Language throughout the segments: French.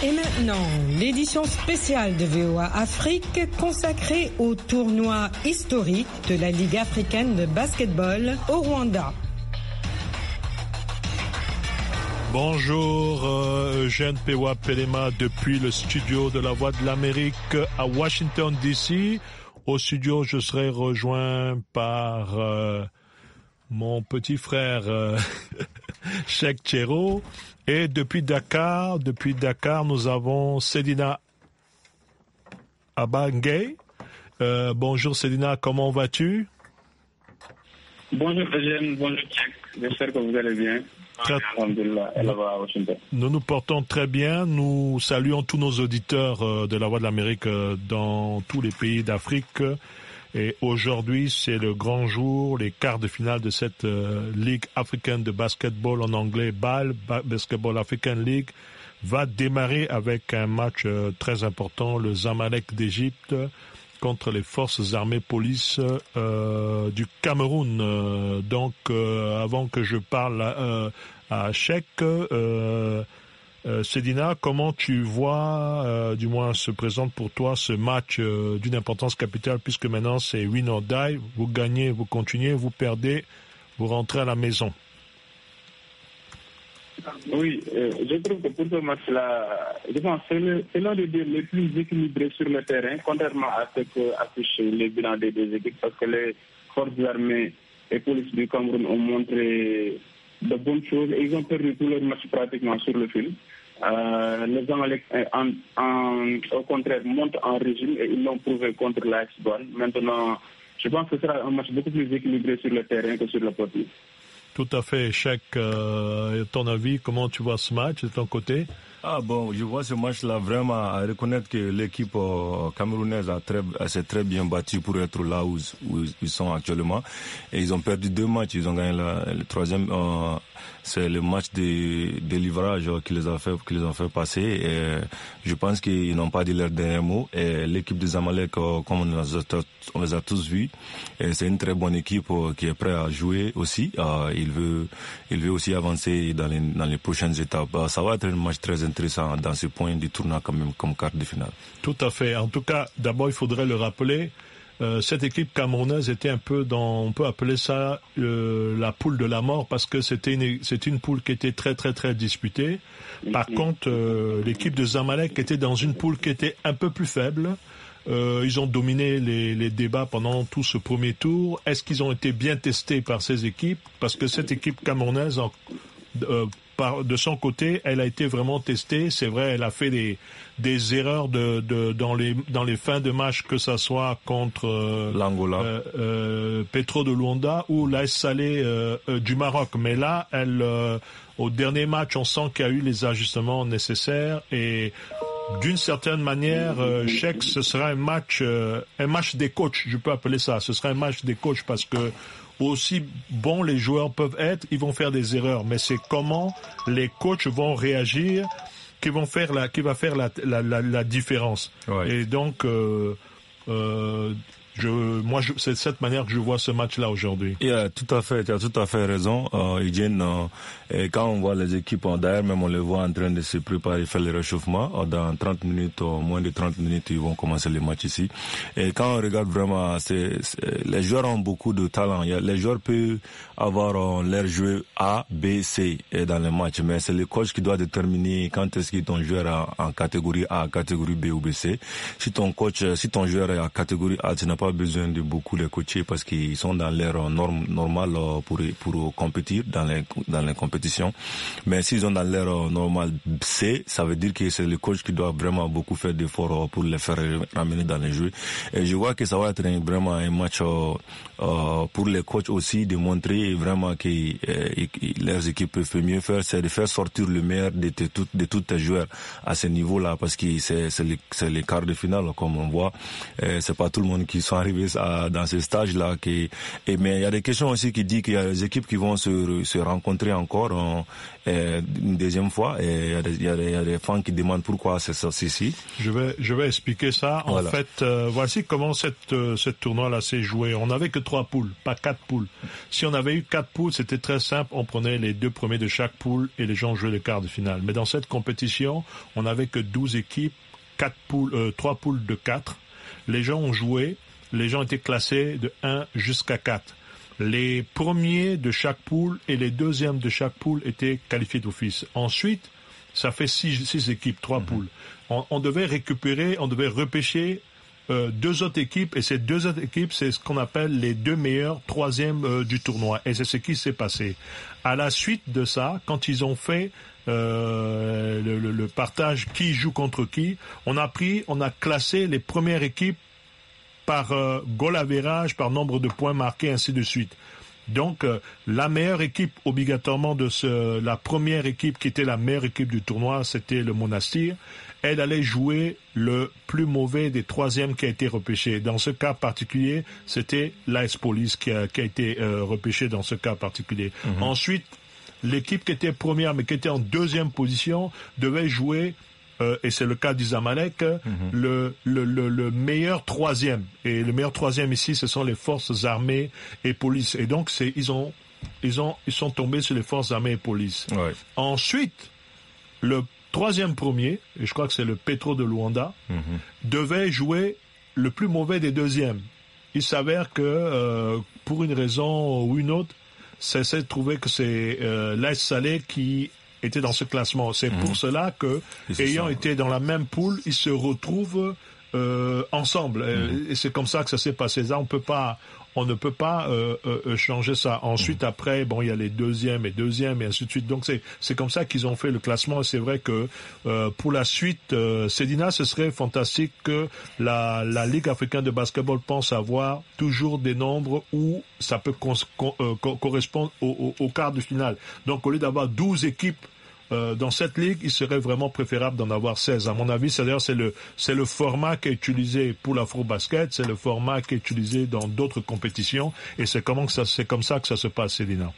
Et maintenant, l'édition spéciale de VOA Afrique consacrée au tournoi historique de la Ligue africaine de basketball au Rwanda. Bonjour euh, Eugène Pewa Pelema depuis le studio de la Voix de l'Amérique à Washington DC. Au studio, je serai rejoint par euh, mon petit frère euh, Cheikh et depuis Dakar, depuis Dakar, nous avons Sedina Abangay. Euh, bonjour Sedina, comment vas-tu Bonjour bonjour J'espère que vous allez bien. Très... Nous nous portons très bien. Nous saluons tous nos auditeurs euh, de la Voix de l'Amérique euh, dans tous les pays d'Afrique et aujourd'hui, c'est le grand jour, les quarts de finale de cette euh, Ligue africaine de basketball en anglais, BAL, Basketball African League, va démarrer avec un match euh, très important, le Zamalek d'Égypte contre les forces armées police euh, du Cameroun. donc, avant que je parle à, à euh, Sedina, euh, comment tu vois, euh, du moins se présente pour toi ce match euh, d'une importance capitale puisque maintenant c'est win or die, vous gagnez, vous continuez, vous perdez, vous rentrez à la maison Oui, je trouve que pour ce match-là, c'est l'un des deux les plus équilibrés sur le terrain, contrairement à ce que affichent les bilans des deux équipes, parce que les forces armées et polices du Cameroun ont montré de bonnes choses et ils ont perdu tous leurs matchs pratiquement sur le film. Euh, les Anglais, euh, au contraire, montent en régime et ils l'ont prouvé contre l'Aix-Bonne Maintenant, je pense que ce sera un match beaucoup plus équilibré sur le terrain que sur le papier. Tout à fait, Chèque. Euh, ton avis, comment tu vois ce match de ton côté ah bon, je vois ce match-là vraiment à reconnaître que l'équipe camerounaise s'est très bien battue pour être là où, ils sont actuellement. Et ils ont perdu deux matchs, ils ont gagné le troisième euh, c'est le match de, livrage qui les a fait, qui les ont fait passer. Et je pense qu'ils n'ont pas dit leur dernier mot. Et l'équipe des Amalek, euh, comme on les a, tous vus, c'est une très bonne équipe euh, qui est prête à jouer aussi. Euh, il veut, il veut aussi avancer dans les, dans les prochaines étapes. Ça va être un match très intéressant dans ce point du tournoi quand même comme quart de finale. Tout à fait. En tout cas, d'abord, il faudrait le rappeler. Euh, cette équipe camerounaise était un peu dans, on peut appeler ça euh, la poule de la mort parce que c'était une, c'est une poule qui était très très très disputée. Par mhm. contre, euh, l'équipe de Zamalek était dans une poule qui était un peu plus faible. ils ont dominé les, les, débats pendant tout ce premier tour. Est-ce qu'ils ont été bien testés par ces équipes Parce que cette équipe camerounaise, en, par, de son côté, elle a été vraiment testée. C'est vrai, elle a fait des, des erreurs de, dans, les, dans les fins de match, que ça soit contre euh, l'Angola, euh, euh, Petro de Luanda ou l'AS Salé euh, du Maroc. Mais là, elle, au dernier match, on sent qu'il y a eu les ajustements nécessaires et d'une certaine manière, chèque ce sera un match, un match des coachs. Je peux appeler ça. Ce sera un match des coachs parce que aussi bons les joueurs peuvent être, ils vont faire des erreurs. Mais c'est comment les coachs vont réagir qui vont faire la, qui va faire la, la, la, la différence. Et donc, euh, euh je, moi, c'est de cette manière que je vois ce match-là aujourd'hui. a tout à fait, tu as tout à fait raison, euh, euh et quand on voit les équipes, derrière, même on les voit en train de se préparer, faire le réchauffement. Euh, dans 30 minutes, moins de 30 minutes, ils vont commencer les matchs ici. Et quand on regarde vraiment, c'est, les joueurs ont beaucoup de talent. Les joueurs peuvent avoir euh, leur jeu A, B, C dans les matchs, mais c'est le coach qui doit déterminer quand est-ce que ton joueur est en catégorie A, catégorie B ou B, C. Si ton coach, si ton joueur est en catégorie A, tu n'as pas besoin de beaucoup les coacher parce qu'ils sont dans l'air normal euh, pour pour compétir dans les dans les compétitions. Mais s'ils sont dans l'air euh, normal C, ça veut dire que c'est le coach qui doit vraiment beaucoup faire d'efforts euh, pour les faire ramener dans les jeux. Et je vois que ça va être vraiment un match euh, pour les coachs aussi de montrer vraiment que euh, leurs équipes peuvent mieux faire, c'est de faire sortir le meilleur de, de, de toutes les joueurs à ce niveau-là, parce que c'est les, les quarts de finale, comme on voit. Euh, c'est pas tout le monde qui sont arrivés à, dans ce stage-là. Et, mais il y a des questions aussi qui disent qu'il y a des équipes qui vont se, se rencontrer encore hein, euh, une deuxième fois. Et il y, y, a des fans qui demandent pourquoi c'est ça, ceci. Je vais, je vais expliquer ça. En fait, voici comment cette, cette tournoi-là s'est joué. On avait que trois poules, pas quatre poules. Si on avait eu quatre poules, c'était très simple. On prenait les deux premiers de chaque poule et les gens jouaient le quart de finale. Mais dans cette compétition, on n'avait que 12 équipes, quatre poules, euh, trois poules de quatre. Les gens ont joué. Les gens étaient classés de 1 jusqu'à 4 les premiers de chaque poule et les deuxièmes de chaque poule étaient qualifiés d'office. Ensuite, ça fait six, équipes, trois mhm. poules. on, devait récupérer, on devait repêcher euh, deux autres équipes et ces deux autres équipes, c'est ce qu'on appelle les deux meilleurs troisièmes euh, du tournoi. Et c'est ce qui s'est passé. À la suite de ça, quand ils ont fait euh, le, partage qui joue contre qui, on a pris, on a classé les premières équipes par goal virage, par nombre de points marqués, ainsi de suite. Donc euh, la meilleure équipe obligatoirement de ce, la première équipe qui était la meilleure équipe du tournoi, c'était le Monastir. Elle allait jouer le plus mauvais des troisièmes qui a été repêché. Dans ce cas particulier, c'était l'Ice Police qui a, été euh, repêché dans ce cas particulier. Mhm. Ensuite, l'équipe qui était première mais qui était en deuxième position devait jouer euh, et c'est le cas du euh, mhm. le, le, le, meilleur troisième. Et le meilleur troisième ici, ce sont les forces armées et police. Et donc, c'est ils ont ils ont ils sont tombés sur les forces armées et police. Ouais. Ensuite, le troisième premier, et je crois que c'est le Petro de Luanda, mhm. devait jouer le plus mauvais des deuxièmes. Il s'avère que euh, pour une raison ou une autre, c'est de trouver que c'est euh, salé qui était dans ce classement. C'est pour mhm. cela que, ayant été dans la même poule, ils se retrouvent euh, ensemble. Euh, mhm. Et c'est comme ça que ça s'est passé. Ça, on peut pas, on ne peut pas euh, euh, euh, changer ça. Ensuite, après, bon, il y a les deuxièmes et deuxièmes et ainsi de suite. Donc c'est c'est comme ça qu'ils ont fait le classement. c'est vrai que euh, pour la suite, euh, Sedina, ce serait fantastique que la la Ligue africaine de basketball pense avoir toujours des nombres où ça peut correspondre au, au, au quart de finale. Donc au lieu d'avoir 12 équipes euh, dans cette ligue, il serait vraiment préférable d'en avoir 16. À mon avis, c'est c'est le c'est le format qui est utilisé pour l'afro-basket, c'est le format qui est utilisé dans d'autres compétitions, et c'est comment que ça c'est comme ça que ça se passe, Célina.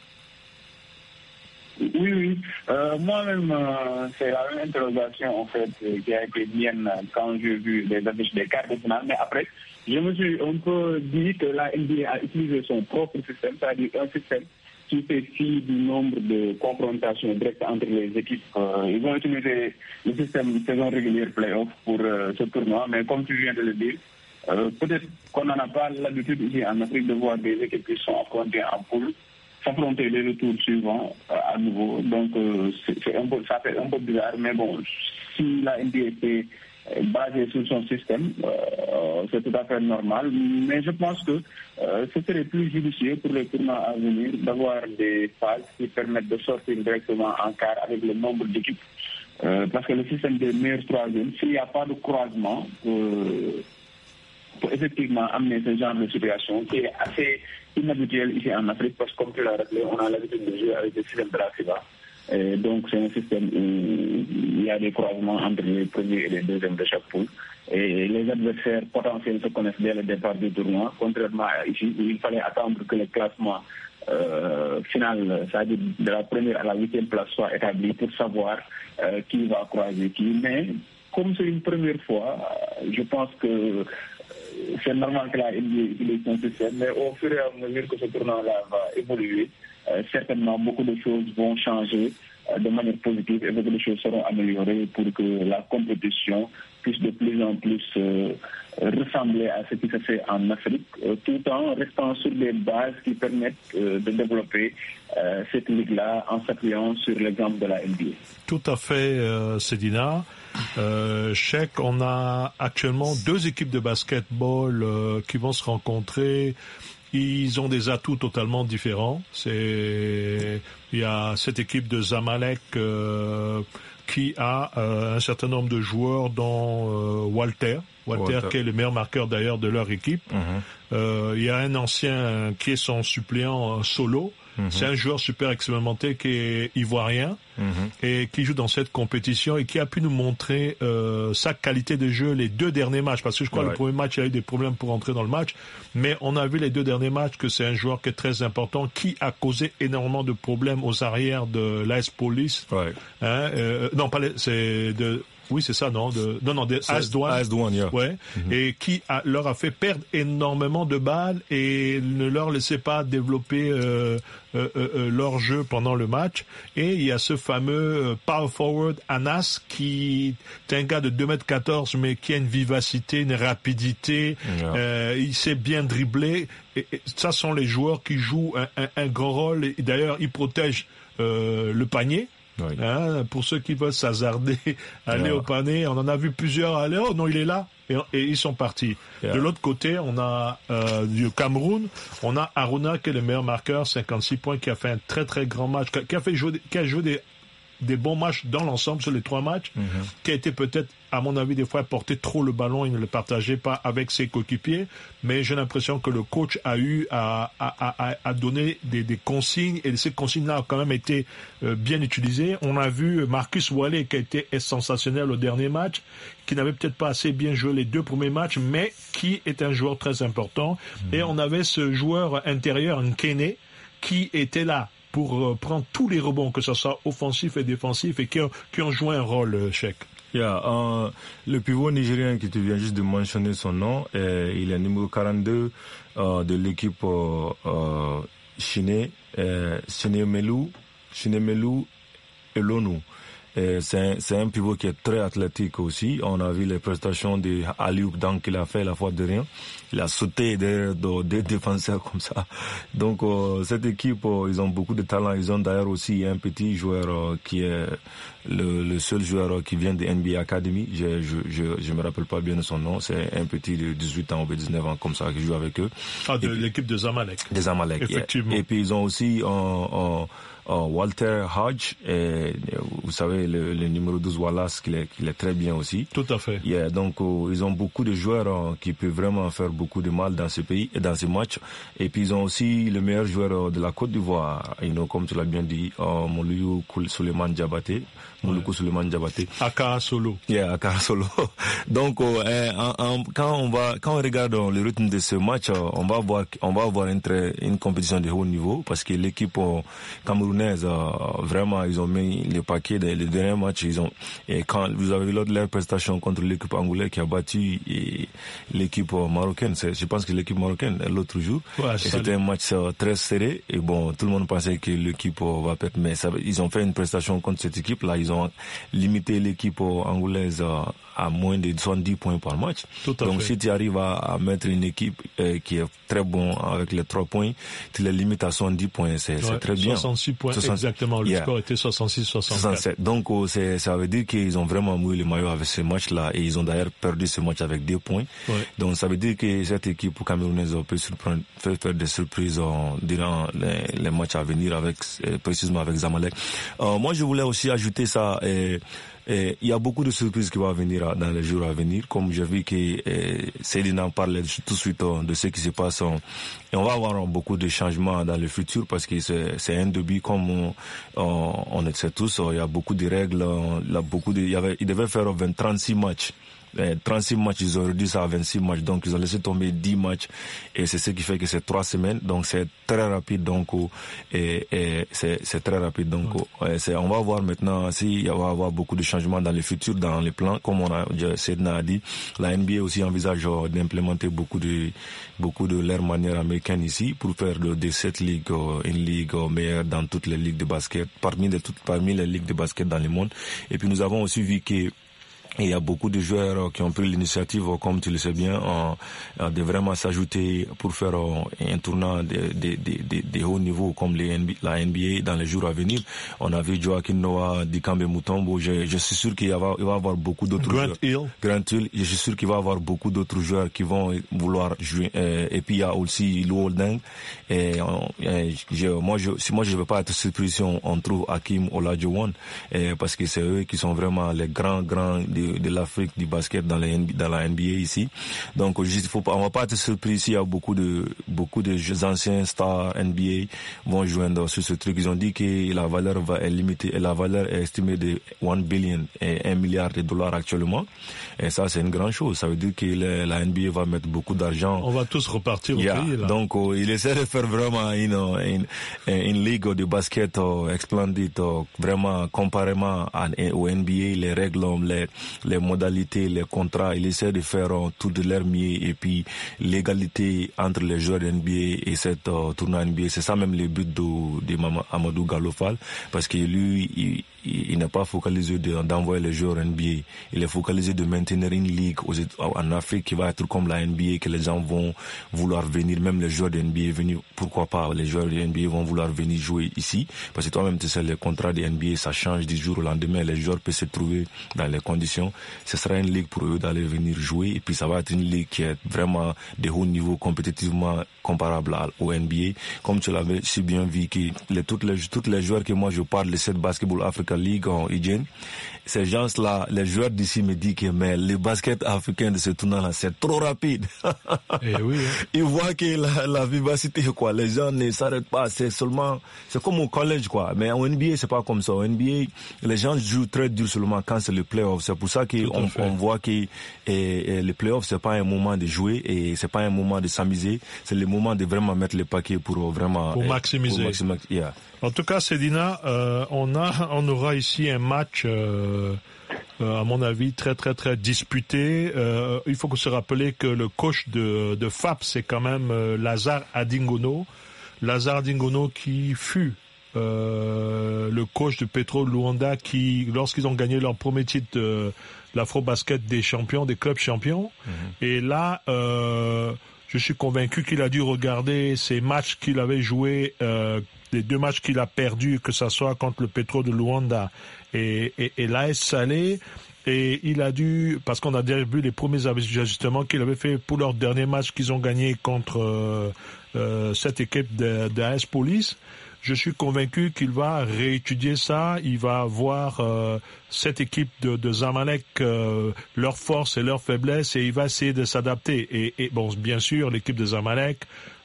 Oui, oui. Euh, moi-même, euh, c'est la même interrogation en fait qui a été mienne quand j'ai vu les affiches des cartes de finale. Mais après, je me suis un peu dit que la NBA a utilisé son propre système, c'est-à-dire un système du nombre de confrontations directes entre les équipes. Euh, ils vont utiliser le système saison régulière play-off pour euh, ce tournoi, mais comme tu viens de le dire, euh, peut-être qu'on n'en a pas l'habitude ici en Afrique de voir des équipes qui sont affrontées en poule s'affronter les retours suivants à nouveau. Donc, c'est un peu, ça fait un peu bizarre, mais bon, si la NBA basé sur son système, euh, c'est tout à fait normal. Mais je pense que euh, ce serait plus judicieux pour les tournois à venir d'avoir des phases qui permettent de sortir directement en quart avec le nombre d'équipes. Euh, parce que le système des meilleurs troisièmes, s'il n'y a pas de croisement, pour effectivement amener ce genre de situation qui est assez inhabituel ici en Afrique, parce que comme tu l'as rappelé, on a l'habitude de jouer avec le système de la FIBA. Euh, donc c'est un système où il y a des croisements entre les premiers et les deuxièmes de chaque poule. Et les adversaires potentiels se connaissent dès le départ du tournoi, contrairement à ici il fallait attendre que le classement euh, final, c'est-à-dire de la première à la huitième place, soit établi pour savoir euh, qui va croiser qui. Mais comme c'est une première fois, je pense que c'est normal que la il est consisté. mais au fur et à mesure que ce tournoi-là va évoluer, certainement beaucoup de choses vont changer euh, de manière positive et que les choses seront améliorées pour que la compétition puisse de plus en plus euh, ressembler à ce qui se fait en Afrique, euh, tout en restant sur les bases qui permettent de développer cette ligue-là en s'appuyant sur l'exemple de la NBA. Tout à fait, Sedina. Chèque, on a actuellement deux équipes de basketball qui vont se rencontrer ils ont des atouts totalement différents. C'est il y a cette équipe de Zamalek euh, qui a euh, un certain nombre de joueurs dont euh, Walter. Walter, qui est le meilleur marqueur d'ailleurs de leur équipe. Mhm. il y a un ancien qui est son suppléant solo, c'est un joueur super expérimenté qui est ivoirien mhm. et qui joue dans cette compétition et qui a pu nous montrer euh, sa qualité de jeu les deux derniers matchs. Parce que je crois que le premier match, il a eu des problèmes pour entrer dans le match. Mais on a vu les deux derniers matchs que c'est un joueur qui est très important, qui a causé énormément de problèmes aux arrières de l'AS Police. Hein, euh, non, pas c'est de oui, c'est ça, non, de, non, non, des as mm-hmm. et qui leur a fait perdre énormément de balles et ne leur laissait pas développer euh, euh, euh, euh leur jeu pendant le match. Et il y a ce fameux power forward Anas qui est un gars de 2 m 14 mais qui a une vivacité, une rapidité. il sait bien dribbler. Et, ça sont les joueurs qui jouent un, un, un grand rôle. D'ailleurs, ils protègent le panier Hein, pour ceux qui veulent s'hasarder aller ah. au panier, on en a vu plusieurs aller, oh non, il est là, et, ils sont partis. De l'autre côté, on a euh, du Cameroun, on a Aruna qui est le meilleur marqueur, 56 points, qui a fait un très très grand match, qui a, fait jouer, qui a joué des des bons matchs dans l'ensemble sur les trois matchs, mhm. qui a été peut-être, à mon avis, des fois porté trop le ballon, et ne le partageait pas avec ses coéquipiers, mais j'ai l'impression que le coach a eu à, à, à, à donner des, des, consignes, et ces consignes-là ont quand même été euh, bien utilisées. On a vu Marcus Wallet, qui a été sensationnel au dernier match, qui n'avait peut-être pas assez bien joué les deux premiers matchs, mais qui est un joueur très important. Mhm. Et on avait ce joueur intérieur, Nkene, qui était là pour euh, prendre tous les rebonds, que ce soit offensif et défensif, et qui ont, qui ont joué un rôle, euh, Chèque Yeah, euh, le pivot nigérien qui te vient juste de mentionner son nom, euh, il est numéro 42 euh, de l'équipe euh, Chine, Chinemelu, et Lonu. C'est un, un, pivot qui est très athlétique aussi. On a vu les prestations de Aliouk donc qu'il a fait la fois de rien. Il a sauté derrière des défenseurs comme ça. Donc euh, cette équipe, euh, ils ont beaucoup de talent. Ils ont d'ailleurs aussi un petit joueur euh, qui est le, seul joueur qui vient de NBA Academy. Je, je, je, je me rappelle pas bien de son nom. C'est un petit de 18 ans ou 19 ans comme ça qui joue avec eux. Ah, de l'équipe de Zamalek. Des Zamalek. Effectivement. Et, puis ils ont aussi... Oh, Walter Hodge, et, vous savez, le, numéro 12 Wallace, qui est, est, très bien aussi. Tout à fait. donc, oh, ils ont beaucoup de joueurs oh, qui peuvent vraiment faire beaucoup de mal dans ce pays et dans ce match. Et puis, ils ont aussi le meilleur joueur de la Côte d'Ivoire, you comme tu l'as bien dit, euh, Mouliou Souleymane Diabaté. Yeah, Aka Donc, euh, eh, quand on va, quand on regarde euh, le rythme de ce match, euh, on va voir, on va avoir une, très, une compétition de haut niveau parce que l'équipe camerounaise, vraiment, ils ont mis les paquet des derniers matchs. Ils ont, et quand vous avez l'autre leur prestation contre l'équipe angolaise qui a battu l'équipe marocaine, je pense que l'équipe marocaine l'autre jour, c'était un match très serré et bon, tout le monde pensait que l'équipe va perdre, mais ils ont fait une prestation contre cette équipe là. Donc, ont limité l'équipe anglaise euh, à moins de 70 points par match. Tout Donc si tu arrives à, mettre une équipe euh, qui est très bon avec les 3 points, tu les limites à 70 points, c'est très bien. 66 points exactement, le score était 66-67. Donc oh, ça veut dire qu'ils ont vraiment mouillé le maillot avec ce match-là et ils ont d'ailleurs perdu ce match avec 2 points. Donc ça veut dire que cette équipe camerounaise peut surprendre, faire des surprises en, euh, durant les, les, matchs à venir avec euh, précisément avec Zamalek. moi je voulais aussi ajouter ça. Euh, eh, il y a beaucoup de surprises qui vont venir dans les jours à venir, comme j'ai vu que eh, Céline en parlait tout de suite hein, de ce qui se passe. Hein. Et on va avoir hein, beaucoup de changements dans le futur parce que c'est un début comme on, le sait tous. Il y a beaucoup de règles, il, beaucoup il, devait faire 20, 36 matchs. 36 ben, matchs, ils ont réduit ça à 26 matchs. Donc, ils ont laissé tomber 10 matchs. Et c'est ce qui fait que c'est 3 semaines. Donc, c'est très rapide. Donc, euh, et, c'est très rapide. Donc, euh, on va voir maintenant s'il va y avoir beaucoup de changements dans le futur, dans les plans. Comme on a, Sedna a dit, la NBA aussi envisage euh, d'implémenter beaucoup de, beaucoup de leur manière américaine ici pour faire de, de cette ligue une ligue meilleure dans toutes les ligues de basket, parmi, de, toutes, parmi les ligues de basket dans le monde. Et puis, nous avons aussi vu que il y a beaucoup de joueurs euh, qui ont pris l'initiative, euh, comme tu le sais bien, euh, de vraiment s'ajouter pour faire un tournant des de, hauts niveaux comme les la NBA dans les jours à venir. On a vu Joaquin Noah, Dikambe Mutombo. Je, suis sûr qu'il va, il va avoir beaucoup d'autres joueurs. Hill. Grant Hill. Je suis sûr qu'il va avoir beaucoup d'autres joueurs qui vont vouloir jouer. Et puis il y a aussi Lou Holding. Et, moi, je, moi, je ne veux pas être surpris si on, trouve Hakim Olajuwon, parce que c'est eux qui sont vraiment les grands, grands de, l'Afrique du basket dans, dans la NBA ici. Donc juste, faut pas, on va pas être surpris s'il y a beaucoup de beaucoup de anciens stars NBA vont joindre sur ce truc. Ils ont dit que la valeur va est limitée, et la valeur est estimée de 1 billion et 1 milliard de dollars actuellement. Et ça c'est une grande chose. Ça veut dire que la, NBA va mettre beaucoup d'argent. On va tous repartir au pays là. Donc oh, il essaie de faire vraiment une une, une ligue de basket oh, oh vraiment comparément à, au NBA les règles, les les modalités, les contrats. Il essaie de faire euh, tout de leur et puis l'égalité entre les joueurs de NBA et cette euh, tournoi NBA. C'est ça même le but de, de Amadou Galofal parce que lui, il, n'est pas focalisé d'envoyer les joueurs NBA. Il est focalisé de maintenir une ligue en Afrique qui va être comme la NBA, que les gens vont vouloir venir, même les joueurs de NBA venir pourquoi pas les joueurs de NBA vont vouloir venir jouer ici parce que toi-même tu sais les contrats de NBA ça change du jour au lendemain les joueurs peuvent se trouver dans les conditions ce sera une ligue pour eux d'aller venir jouer et puis ça va être une ligue qui est vraiment de haut niveau compétitivement comparable au NBA comme tu l'avais si bien vu que les, toutes les toutes les joueurs que moi je parle de cette Basketball Africa League en hygiène ces gens-là, les joueurs d'ici me disent que mais le basket africain de ce tournant-là, c'est trop rapide. Et eh oui, hein. Ils voient que la, vivacité, quoi. Les gens ne s'arrêtent pas. C'est seulement, c'est comme au collège, quoi. Mais en NBA, c'est pas comme ça. En NBA, les gens jouent très dur seulement quand c'est le playoff. C'est pour ça qu'on on voit que et, eh, et eh, le playoff, c'est pas un moment de jouer et c'est pas un moment de s'amuser. C'est le moment de vraiment mettre le paquet pour euh, vraiment. Pour maximiser. En tout cas, Sedina, euh, on a, on aura ici un match, euh, euh, euh, à mon avis, très très très disputé. Euh, il faut se rappeler que le coach de, FAP, c'est quand même Lazare Adingono. Lazare Dingono qui fut le coach de Petro Luanda qui, lorsqu'ils ont gagné leur premier titre de l'Afro-Basket des champions, des clubs champions, mhm. et là, je suis convaincu qu'il a dû regarder ces matchs qu'il avait joués les deux matchs qu'il a perdus, que ce soit contre le Petro de Luanda et, et, et l'AS Salé, et il a dû, parce qu'on a déjà vu les premiers ajustements qu'il avait fait pour leur dernier match qu'ils ont gagné contre euh, euh, cette équipe de, de AS Police, je suis convaincu qu'il va réétudier ça. Il va voir euh, cette équipe de, de Zamalek, euh, leurs forces et leurs faiblesses, et il va essayer de s'adapter. Et, et, bon, bien sûr, l'équipe de Zamalek,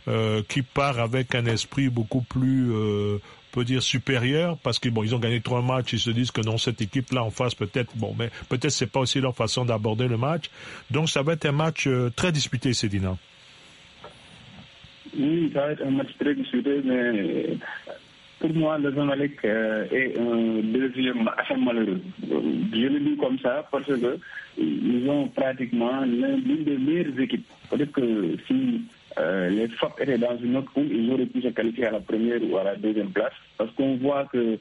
euh, qui part avec un esprit beaucoup plus euh, peut dire supérieur parce qu'ils bon ont gagné trois matchs ils se disent que non cette équipe là en face peut-être bon mais peut-être c'est pas aussi leur façon d'aborder le match donc ça va être un match euh, très disputé Cédina. Oui ça va être un match très disputé mais pour moi le Zamalek euh, est un deuxième assez malheureux je le dis comme ça parce que ils ont pratiquement l'une des meilleures équipes peut-être que si euh, les FAP étaient dans une autre coupe. ils auraient pu se qualifier à la première ou à la deuxième place. Parce qu'on voit que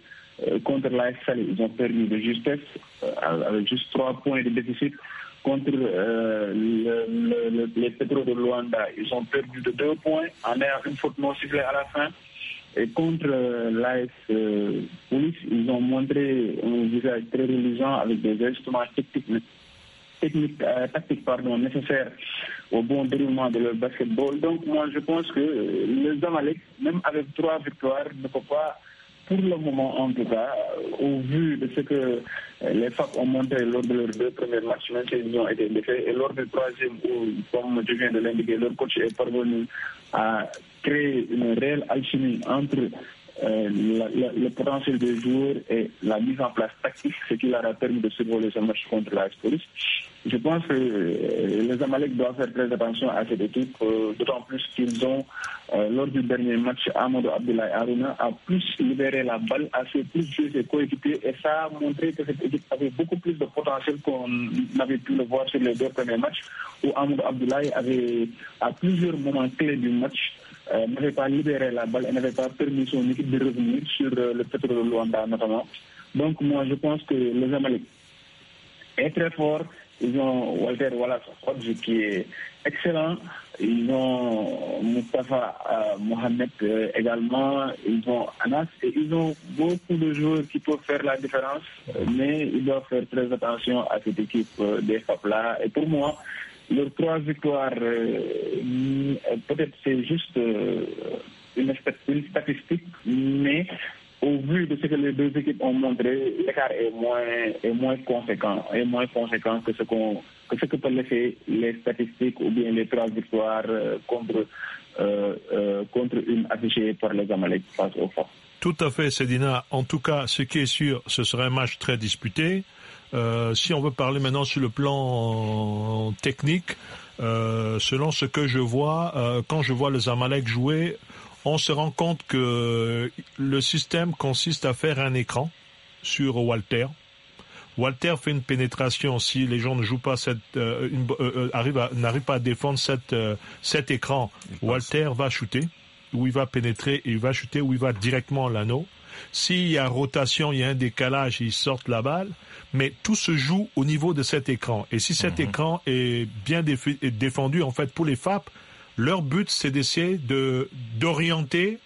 euh, contre l'AS ils ont perdu de justesse, euh, avec juste trois points de déficit. Contre euh, le, le, les Petro de Luanda, ils ont perdu de deux points en ayant une faute non ciblée à la fin. Et contre l'AS Police, ils ont montré un visage très religieux avec des instruments techniques techniques, euh, tactiques pardon, nécessaires au bon déroulement de leur basketball. Donc moi je pense que euh, les Zamalek, même avec trois victoires, ne peut pas pour le moment en tout cas, euh, au vu de ce que les FAP ont montré lors de leurs deux premiers matchs, même s'ils ont été défaits, et lors du troisième, où, comme je viens de l'indiquer, leur coach est parvenu à créer une réelle alchimie entre euh, le potentiel des joueurs et la mise en place tactique, ce qui leur a permis de survoler ce match contre la police. Je pense que euh, les Amalek doivent faire très attention à cette équipe, euh, d'autant plus qu'ils ont, lors du dernier match, Amadou Abdoulaye Aruna a plus libéré la balle, à ses plus jeunes coéquipiers et ça a montré que cette équipe avait beaucoup plus de potentiel qu'on n'avait pu le voir sur les deux premiers matchs où Amadou Abdoulaye avait, à plusieurs moments clés du match, euh, n'avait pas libéré la balle et n'avait pas permis son équipe de revenir sur euh, le pétrole de Luanda notamment. Donc moi je pense que les Zamalek est très fort. Ils ont Walter Wallace qui est excellent. Ils ont Mustafa euh, Mohamed également. Ils ont Anas. Et ils ont beaucoup de joueurs qui peuvent faire la différence. Mais ils doivent faire très attention à cette équipe des FAP là. Et pour moi, leurs trois victoires, euh, euh, peut-être c'est juste euh, une, statistique, mais au vu de ce que les deux équipes ont montré, l'écart est moins, est moins conséquent, moins conséquent que ce que ce peuvent laisser les statistiques ou bien les trois victoires contre, une affichée par les Amalek face au Tout à fait, Sedina. En tout cas, ce qui est sûr, ce sera un match très disputé. Euh, si on veut parler maintenant sur le plan technique, euh, selon ce que je vois, euh, quand je vois le Zamalek jouer, on se rend compte que le système consiste à faire un écran sur Walter. Walter fait une pénétration si les gens ne jouent pas cette n'arrivent pas à défendre cet écran. Walter va shooter ou il va pénétrer et il va shooter ou il va directement à l'anneau. S'il y a rotation, il y a un décalage, ils sortent la balle. Mais tout se joue au niveau de cet écran. Et si cet mhm. écran est bien défendu, en fait, pour les FAP, leur but, c'est d'essayer de d'orienter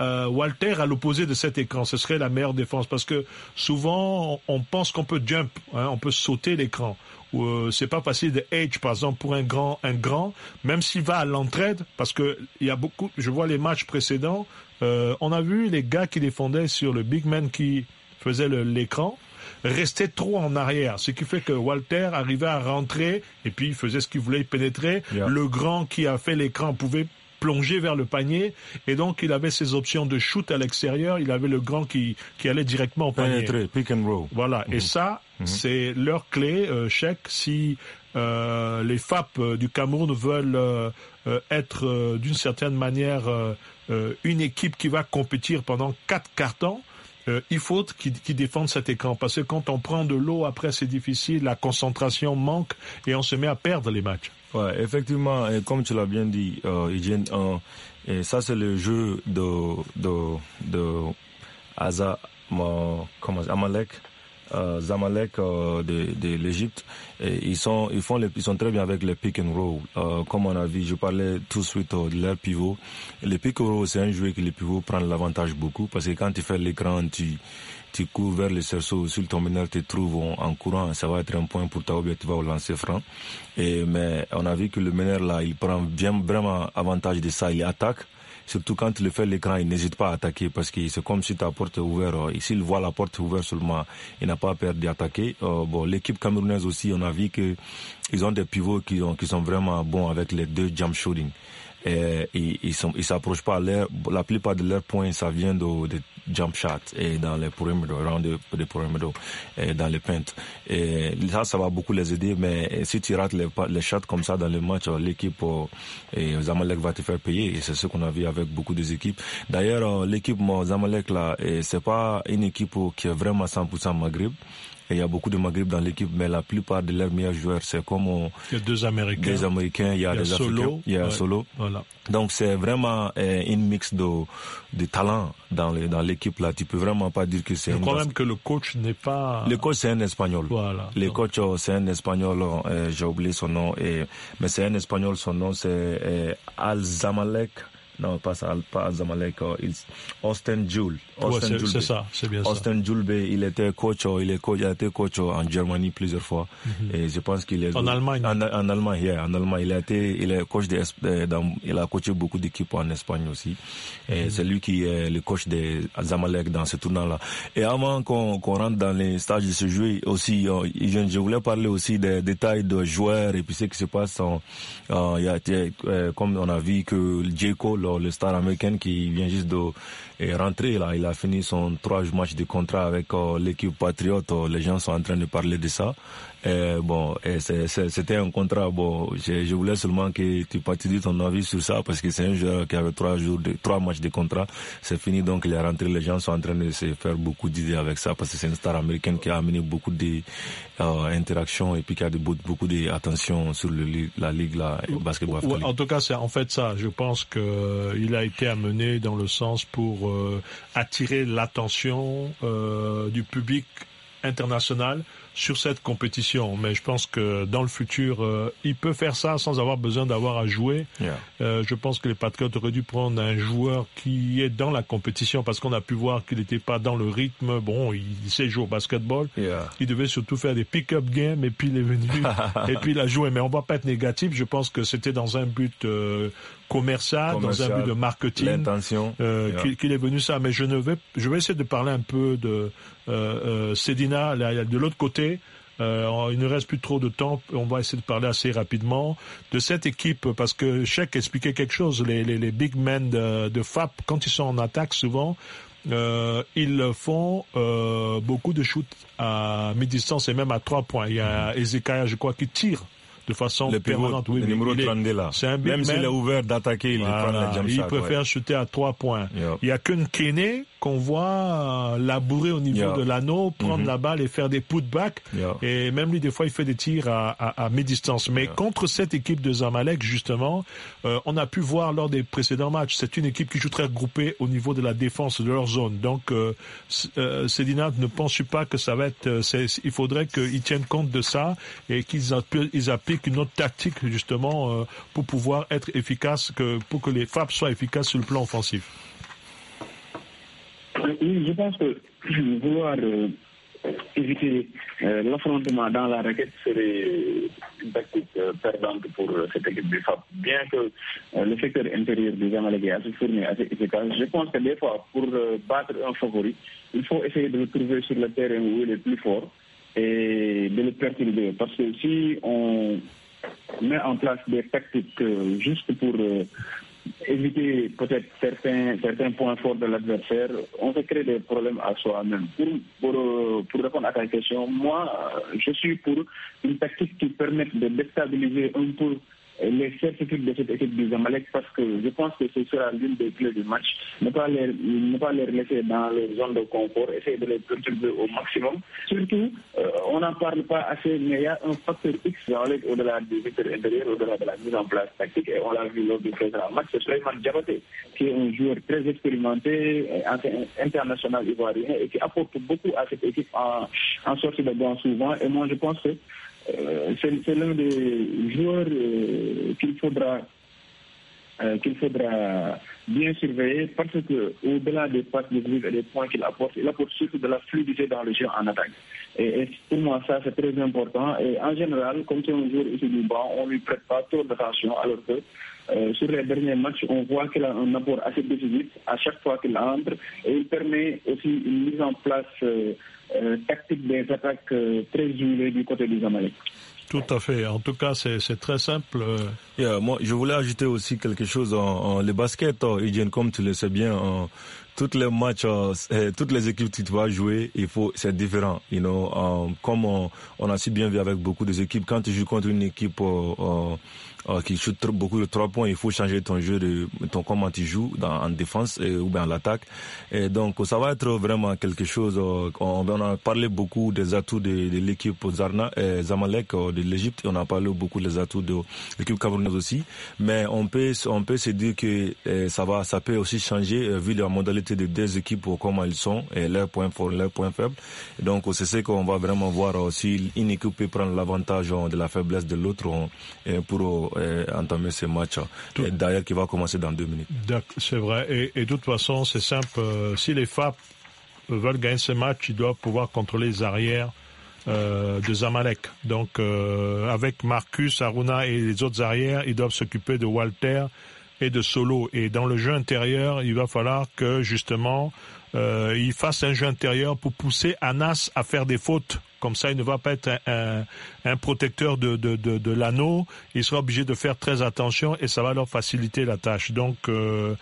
euh, Walter à l'opposé de cet écran. Ce serait la meilleure défense parce que souvent on pense qu'on peut jump, hein, on peut sauter l'écran. Ou euh, c'est pas facile de edge par exemple pour un grand, un grand, même s'il va à l'entraide parce que il y a beaucoup. Je vois les matchs précédents, euh, on a vu les gars qui défendaient sur le big man qui faisait l'écran rester trop en arrière, ce qui fait que Walter arrivait à rentrer et puis il faisait ce qu'il voulait, pénétrer Le grand qui a fait l'écran pouvait plonger vers le panier et donc il avait ses options de shoot à l'extérieur, il avait le grand qui qui allait directement au panier. Pénétrer, pick and roll. Voilà, et mhm. ça mhm. c'est leur clé chèque euh, si euh, les FAP du Cameroun veulent être d'une certaine manière euh, une équipe qui va compétir pendant quatre cartons, euh, il faut qu'ils défendent cet écran parce que quand on prend de l'eau après c'est difficile, la concentration manque et on se met à perdre les matchs. Ouais, effectivement, comme tu l'as bien dit, euh, et ça c'est le jeu de de de Aza, Amalek. Euh, Zamalek euh, de, de l'Égypte. Ils sont, ils font, les, ils sont très bien avec les pick and roll. Euh, comme on a vu, je parlais tout de suite de leur pivot. Le pick and roll, c'est un jeu que les pivots prennent l'avantage beaucoup parce que quand tu fais l'écran, tu tu cours vers le cerceau, si ton meneur, te trouve en, courant, ça va être un point pour toi ou bien tu vas au lancer franc. Et, mais on a vu que le meneur là, il prend bien vraiment avantage de ça, il attaque. Surtout quand le fait l'écran, il n'hésite pas à attaquer parce que c'est comme si ta porte est ouverte. S'il voit la porte ouverte seulement, il n'a pas peur d'attaquer. attaquer euh, bon, l'équipe camerounaise aussi, on a vu que ont des pivots qui, qui sont vraiment bons avec les deux jump shooting. Euh, et, ils ils s'approchent pas. l'air la plupart de leurs points, ça vient de, de jump shots et dans les perimeter, round et dans les pentes. Et ça, ça va beaucoup les aider, mais si tu rates les, shots comme ça dans le match, euh, l'équipe, euh, Zamalek va te faire payer. Et c'est ce qu'on a vu avec beaucoup des équipes. D'ailleurs, l'équipe Zamalek, là, c'est pas une équipe qui est vraiment 100% Maghreb il y a beaucoup de maghrib dans l'équipe, mais la plupart de leurs meilleurs joueurs, c'est comme on... Euh, il y a deux Américains, Américains, il y a, il des solo, il y a un solo. Voilà. Donc c'est vraiment euh, une mix de de talents dans le, dans l'équipe là. Tu peux vraiment pas dire que c'est. Le problème, même que le coach n'est pas. Le coach c'est un Espagnol. Voilà. Le coach euh, c'est un Espagnol. J'ai oublié son nom. mais c'est un Espagnol. Son nom c'est Al Zamalek non pas, pas Zamalek, euh, Austin Jules. Austin ouais, c'est ça, c'est bien Austin Joule, il était coach, euh, il, est coach, a été coach euh, en Allemagne plusieurs fois. Mhm. Et je pense qu'il est. En Allemagne En, en Allemagne, en Allemagne. Il a été, il est coach de, dans, il a coaché beaucoup d'équipes en Espagne aussi. Et mhm. c'est lui qui est le coach de Zamalek dans ce tournant-là. Et avant qu'on rentre dans les stages de ce jeu aussi, je, je voulais parler aussi des détails de joueurs et puis ce qui se passe. En, il y a, comme on a vu que Cole, le, star américain qui vient juste de euh, rentrer là. Il a fini son trois match de contrat avec euh, l'équipe Patriote. Euh, les gens sont en train de parler de ça. Euh, bon, c'était un contrat. Bon, je, voulais seulement que tu partages ton avis sur ça parce que c'est un joueur qui avait trois jours, trois matchs de contrat. C'est fini, donc il est rentré. Les gens sont en train de se faire beaucoup d'idées avec ça parce que c'est une star américaine qui a amené beaucoup d'interactions euh, et puis qui a beaucoup d'attention sur la ligue, en tout cas, c'est en fait ça. Je pense que euh, a été amené dans le sens pour euh, attirer l'attention du public international sur cette compétition. Mais je pense que dans le futur, euh, il peut faire ça sans avoir besoin d'avoir à jouer. Euh, je pense que les Patriots auraient dû prendre un joueur qui est dans la compétition parce qu'on a pu voir qu'il n'était pas dans le rythme. Bon, il sait jouer au basketball. Il devait surtout faire des pick-up games et puis il est venu et puis il a joué. Mais on va pas être négatif. Je pense que c'était dans un but euh, commercial, dans un but de marketing, euh, qu'il est venu ça. Mais je ne vais, je vais essayer de parler un peu de euh, Sedina, euh, de l'autre côté. Euh, il ne reste plus trop de temps. On va essayer de parler assez rapidement de cette équipe parce que Cheikh expliquait quelque chose. Les, les, les big men de, de, FAP, quand ils sont en attaque, souvent, euh, ils font euh, beaucoup de shoots à mi-distance et même à trois points. Il y a mm-hmm. Ezekiel, je crois, qui tire de façon le permanente. Oui, le numéro il est, 32 là. Est un Même s'il est ouvert d'attaquer, il voilà, Il préfère faire chuter à trois points. Yep. Il n'y a qu'une Kené qu'on voit euh, labourer au niveau de l'anneau, prendre mm-hmm. la balle et faire des putbacks. Yeah. Et même lui, des fois, il fait des tirs à, à, à mi-distance. Mais contre cette équipe de Zamalek, justement, euh, on a pu voir lors des précédents matchs, c'est une équipe qui joue très regroupée au niveau de la défense de leur zone. Donc, euh, euh ne pense pas que ça va être... il faudrait qu'ils tiennent compte de ça et qu'ils appliquent une autre tactique, justement, pour pouvoir être efficace, pour que les FAP soient efficaces sur le plan offensif. Euh, oui, je pense que vouloir euh, éviter euh, l'affrontement dans la raquette serait une tactique perdante pour cette équipe du FAP. Bien que le secteur intérieur des Amalekés a été assez efficace, je pense que des fois, pour battre un favori, il faut essayer de le trouver sur le terrain où il est plus fort et de le perturber. Parce que si on met en place des tactiques juste pour éviter peut-être certains, points forts de l'adversaire, on se crée des problèmes à soi-même. Euh, pour, répondre à ta question, moi, je suis pour une tactique qui permette de déstabiliser un peu euh, les certitudes de cette équipe du Zamalek parce que je pense que ce sera l'une des clés du match. Ne pas les, ne pas les laisser dans leur zone de confort, essayer de les perturber au maximum. Surtout, euh, on n'en parle pas assez, mais il y a un facteur X Zamalek au-delà du victoire intérieur, au-delà de la mise en place tactique, et on l'a vu lors du présent match. C'est Suleiman Djabote, qui est un joueur très expérimenté, euh, international ivoirien, et qui apporte beaucoup à cette équipe en, en sortie de banc souvent. Et moi, je pense que euh, c'est l'un des joueurs euh, qu'il faudra euh, qu'il faudra bien surveiller parce que au-delà des passes de et des points qu'il apporte, il apporte surtout de la fluidité dans le jeu en attaque. Et, pour moi, ça, c'est très important. Et en général, comme c'est un joueur ici du banc, on lui prête pas trop d'attention alors que euh, sur les derniers matchs, on voit qu'il a un apport assez décisif à chaque fois qu'il entre et il permet aussi une mise en place euh, euh, tactique des attaques très huilées du côté des Amalek. Tout à fait. En tout cas, c'est très simple. moi, je voulais ajouter aussi quelque chose en, basket. Oh, comme tu le sais bien, toutes les matchs, oh, toutes les équipes que tu vas jouer, il faut, c'est différent. You know, comme on, a si bien vu avec beaucoup des équipes, quand tu joues contre une équipe oh, euh, qui shoot beaucoup de trois points, il faut changer ton jeu, de, ton comment tu joues dans, en défense ou bien en attaque. Et donc ça va être vraiment quelque chose. Euh, on, a parlé beaucoup des atouts de, l'équipe Zarna, Zamalek euh, de l'Égypte. On a parlé beaucoup des atouts de, l'équipe camerounaise aussi. Mais on peut on peut se dire que ça va ça peut aussi changer vu la modalité de deux équipes comment elles sont et leurs points forts, leurs points faibles. donc c'est ce qu'on va vraiment voir aussi. Une équipe peut prendre l'avantage de la faiblesse de l'autre pour euh, entamer ce match. D'ailleurs, qui va commencer dans deux minutes. C'est vrai. Et, de toute façon, c'est simple. Euh, si les FAP veulent gagner ce match, ils doivent pouvoir contrôler les arrières. Euh, de Zamalek. Donc avec Marcus, Aruna et les autres arrières, ils doivent s'occuper de Walter et de Solo. Et dans le jeu intérieur, il va falloir que justement ils fassent un jeu intérieur pour pousser Anas à faire des fautes comme ça, il ne va pas être un, protecteur de, l'anneau. Il sera obligé de faire très attention et ça va leur faciliter la tâche. Donc, euh,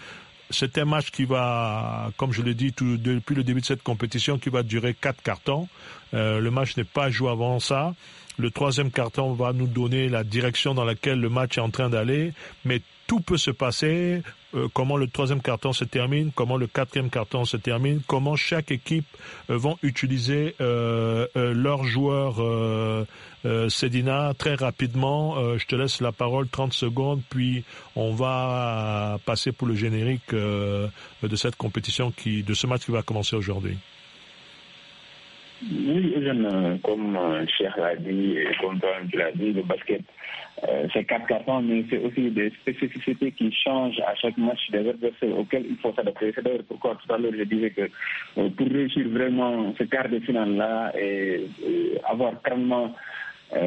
c'est un match qui va, comme je l'ai dit depuis le début de cette compétition, qui va durer quatre cartons. Euh, le match n'est pas joué avant ça. Le troisième carton va nous donner la direction dans laquelle le match est en train d'aller, mais tout peut se passer, euh, comment le troisième carton se termine, comment le quatrième carton se termine, comment chaque équipe euh, vont utiliser euh, euh leur joueur euh, Sedina très rapidement. je te laisse la parole 30 secondes, puis on va passer pour le générique de cette compétition, qui, de ce match qui va commencer aujourd'hui. Oui, comme Cher l'a dit, comme toi l'as dit, le basket c'est euh, ces quatre ans, mais c'est aussi des spécificités qui changent à chaque match des adversaires auxquels il faut s'adapter. C'est d'ailleurs pourquoi tout à l'heure je disais que euh, pour réussir vraiment ce quart de finale-là et, euh, avoir calmement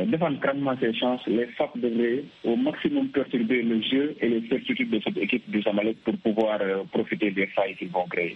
défendre grandement ses chances, les FAP devraient au maximum perturber le jeu et les certitudes de cette équipe du Samalek pour pouvoir profiter des failles qu'ils vont créer.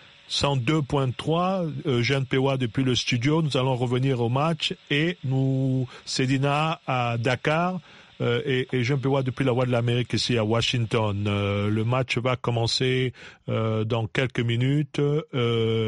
102.3, euh, Jeanne depuis le studio. Nous allons revenir au match et nous, Cédina à Dakar euh, et, Jean Jeanne depuis la Voix de l'Amérique ici à Washington. Euh, le match va commencer euh, dans quelques minutes.